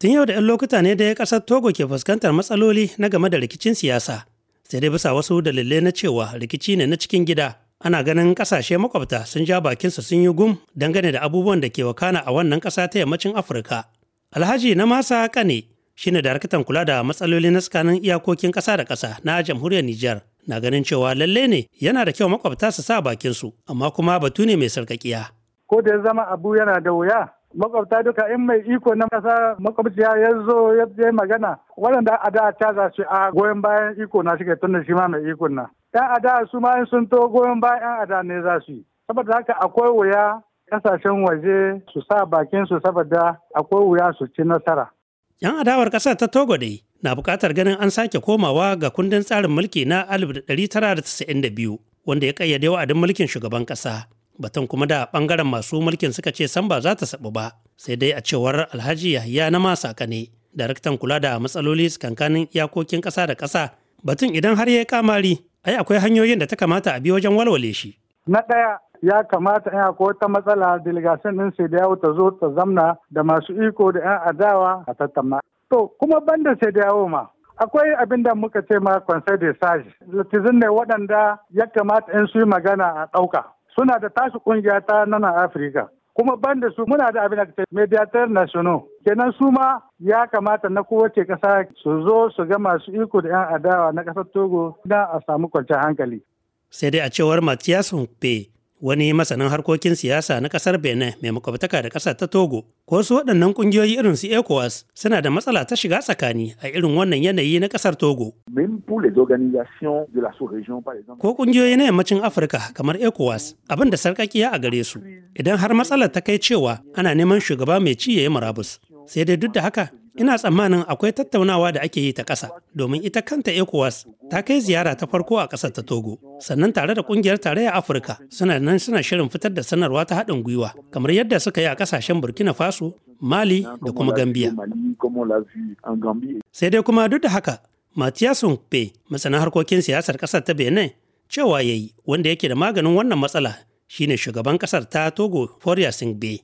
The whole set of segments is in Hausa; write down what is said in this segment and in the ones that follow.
Tun yau da 'yan lokuta ne da ƙasar Togo ke fuskantar matsaloli na game da rikicin siyasa, sai dai bisa wasu dalilai na cewa rikici ne na cikin gida. Ana ganin ƙasashe makwabta sun ja bakinsu sun yi gum dangane da abubuwan da ke wakana a wannan ƙasa ta yammacin Afirka. Alhaji na Masa Kane shine daraktan kula da matsaloli na tsakanin iyakokin ƙasa da ƙasa na jamhuriyar Nijar. Na ganin cewa lalle ne yana da kyau makwabta su sa bakinsu, amma kuma batu ne mai sarkakiya. Ko da ya zama abu yana da wuya, makwabta duka in mai iko na kasa makwabciya ya zo ya je magana waɗanda a da za shi a goyon bayan iko na suke tunda shi ma mai iko na yan da su ma sun to goyon bayan yan da ne za su yi saboda haka akwai wuya ƙasashen waje su sa bakin su saboda akwai wuya su ci nasara yan adawar ƙasa ta togo dai na buƙatar ganin an sake komawa ga kundin tsarin mulki na 1992 wanda ya ƙayyade wa'adin mulkin shugaban ƙasa batun kuma da bangaren masu mulkin suka ce san ba za ta sabu ba sai dai a cewar alhaji yahya na masa ne daraktan kula da matsaloli kankanin iyakokin ƙasa da ƙasa batun idan har ya kamari ai akwai hanyoyin da ta kamata a bi wajen walwale shi na ɗaya ya kamata in akwai wata matsala delegation ɗin sai da ta zo ta zamna da masu iko da 'yan adawa a tattauna to kuma banda sai da yawo ma akwai abin da muka ce ma conseil de sage latizin ne waɗanda ya kamata in su yi magana a ɗauka suna da tasu kungiya ta a afirka kuma ban da su muna da abin da ke mediator national kenan su ma ya kamata na kowace ƙasa su zo su ga masu iko da 'yan adawa na ƙasar togo don a samu kwanciyar hankali sai dai a cewar matias hunkpe wani masanin harkokin siyasa na kasar benin mai makwabtaka da kasar ta togo ko su waɗannan ƙungiyoyi irin su ecowas suna da matsala ta shiga tsakani a irin wannan yanayi na kasar togo ko ƙungiyoyi na yammacin afirka kamar ecowas abin da sarƙaƙiya a gare su idan har matsalar ta kai cewa ana neman shugaba mai ci ya murabus sai dai duk da haka Ina tsammanin akwai tattaunawa da ake yi ta ƙasa domin ita kanta ECOWAS ta kai ziyara ta farko a ƙasar ta Togo. Sannan tare da ƙungiyar tarayyar Afirka suna nan suna shirin fitar da sanarwa ta haɗin gwiwa kamar yadda suka yi a ƙasashen Burkina Faso, Mali da kuma Gambia. Sai dai kuma duk da haka Matias Nkpe, masana harkokin siyasar ƙasar ta Benin, cewa ya yi wanda yake da maganin wannan matsala shine shugaban ƙasar ta Togo Foria Singbe.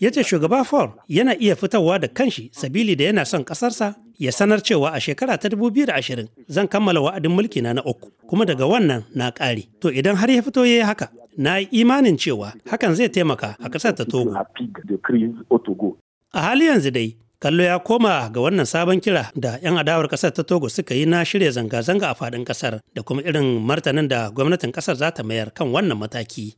Ya ce shugaba Ford yana iya fitowa da kanshi sabili da yana son ƙasarsa ya sanar cewa a shekara ta 2020 zan kammala wa'adin mulkina na uku kuma daga wannan na ƙare. To idan har ya fito ya yi haka, na yi imanin cewa hakan zai taimaka a ƙasar ta Togo. A hali yanzu dai, kallo ya koma ga wannan sabon kira da 'yan adawar ƙasar ta togo suka yi na shirya zanga-zanga a fadin ƙasar da kuma irin martanin da gwamnatin ƙasar za ta mayar kan wannan mataki